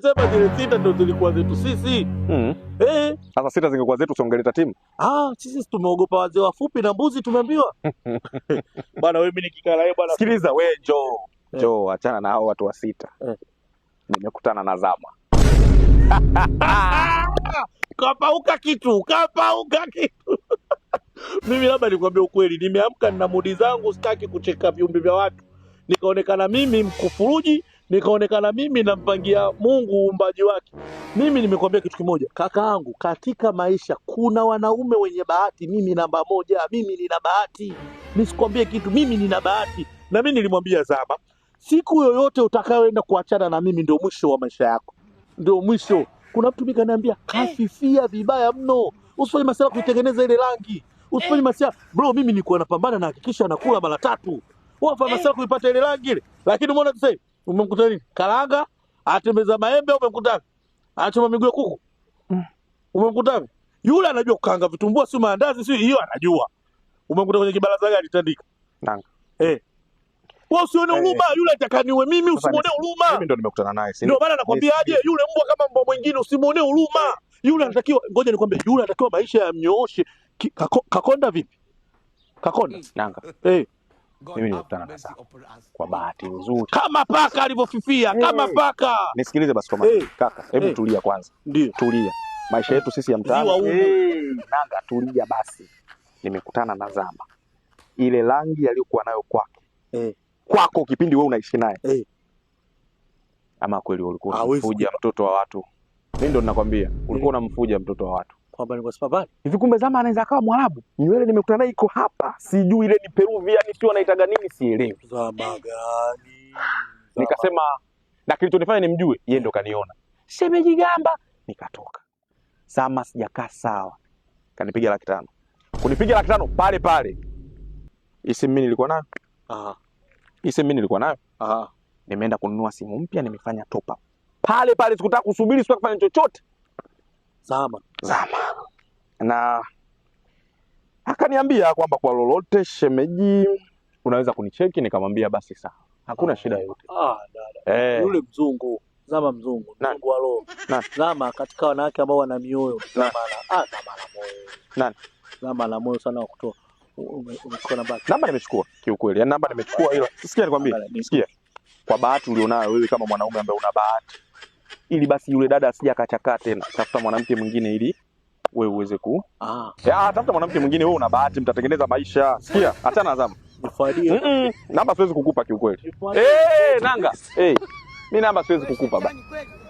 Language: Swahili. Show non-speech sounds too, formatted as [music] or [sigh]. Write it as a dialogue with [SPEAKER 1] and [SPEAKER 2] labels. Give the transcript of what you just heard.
[SPEAKER 1] sema zile sita ndo zilikuwa zetu sisi. Mm. Eh.
[SPEAKER 2] Sasa sita zingekuwa zetu songeleta timu.
[SPEAKER 1] Ah, sisi tumeogopa wazee wafupi na mbuzi tumeambiwa. [laughs] Bana wewe mimi nikikala yeye bana.
[SPEAKER 2] Sikiliza wewe njoo. Eh. Njoo eh. Achana na hao watu wa sita. Eh. Nimekutana na Zama.
[SPEAKER 1] [laughs] Kapauka kitu, kapauka kitu. [laughs] Mimi labda nikwambia ukweli, nimeamka nina mudi zangu, sitaki kucheka viumbe vya watu. Nikaonekana mimi mkufuruji nikaonekana mimi nampangia Mungu uumbaji wake. Mimi nimekuambia kitu kimoja kakaangu, katika maisha kuna wanaume wenye bahati. Mimi namba moja, mimi nina bahati. Nisikwambie kitu, mimi nina bahati. Na mimi nilimwambia Zama, siku yoyote utakayoenda kuachana na mimi, ndio mwisho wa maisha yako, ndio mwisho. Kuna mtu mimi kaniambia, eh. kafifia vibaya mno, usifanye masala kuitengeneza ile rangi, usifanye eh. masala bro. Mimi nilikuwa napambana na hakikisha anakula mara tatu, wafanya eh. masala kuipata ile rangi ile, lakini umeona sasa Umemkuta nini? Karanga, atembeza maembe umemkuta? Anachoma miguu ya kuku. Mm. Umemkuta? Yule anajua kukanga vitumbua si maandazi si hiyo anajua. Umemkuta kwenye kibaraza gani tandika? Nanga. Eh. Wewe usione eh. huruma hey. Yule atakaniwe mimi usimwonee huruma.
[SPEAKER 2] Mimi ndo nimekutana naye.
[SPEAKER 1] Ndio maana nakwambia aje yule mbwa kama mbwa mwingine usimwonee huruma. Yule anatakiwa ngoja nikwambie yule anatakiwa maisha yamnyooshe. Kakonda vipi? Kakonda. Nanga. Eh. Hey
[SPEAKER 2] mimi nilikutana na Saka kwa bahati nzuri,
[SPEAKER 1] kama paka alivyofifia Kama paka
[SPEAKER 2] nisikilize basi kwa hey. Kaka hebu hey. Tulia kwanza,
[SPEAKER 1] ndio tulia,
[SPEAKER 2] maisha yetu sisi ya mtaani hey. Nanga tulia basi, nimekutana na Zama, ile rangi aliyokuwa nayo kwake hey. Kwako kipindi wewe unaishi naye hey. Ama kweli ulikuwa unamfuja mtoto wa watu, mimi ndo ninakwambia ulikuwa unamfuja hey. Mtoto wa watu
[SPEAKER 1] kwamba ni kwa sababu
[SPEAKER 2] hivi? Kumbe zama anaweza akawa Mwarabu. Nywele naye iko hapa, sijui ile ni Peruvian, sio anaitaga nini, sielewi
[SPEAKER 1] zama gani.
[SPEAKER 2] Nikasema na kilichonifanya nimjue yeye ndo kaniona shemeji gamba, nikatoka zama, sijakaa sawa, kanipiga laki tano, kunipiga laki tano pale pale. mimi nilikuwa nayo aha, mimi nilikuwa nayo aha, nimeenda kununua simu mpya, nimefanya top up pale pale, sikutaka kusubiri, sikutaka kufanya chochote. Zama zama na akaniambia kwamba kwa lolote shemeji, unaweza kunicheki. Nikamwambia basi sawa, hakuna ah, shida yote.
[SPEAKER 1] Ah, dada eh, yule mzungu zama mzungu
[SPEAKER 2] mzungu wa roho
[SPEAKER 1] zama katika wanawake ambao wana mioyo
[SPEAKER 2] zama na
[SPEAKER 1] ah, zama na moyo nani zama na moyo sana wa kutoa. Umechukua namba?
[SPEAKER 2] Namba nimechukua kiukweli, yani namba nimechukua. Hilo sikia, nikwambie, sikia, kwa bahati ulionayo wewe kama mwanaume ambaye una bahati, ili basi yule dada asije akachakaa tena, tafuta mwanamke mwingine ili wewe uweze ku ah, tafuta mwanamke mwingine. Wewe una bahati, mtatengeneza maisha. Sikia, achana Azam.
[SPEAKER 1] Mm-mm.
[SPEAKER 2] Namba siwezi kukupa kiukweli. Eh, hey, nanga. Eh. Hey. Mimi namba siwezi kukupa ba.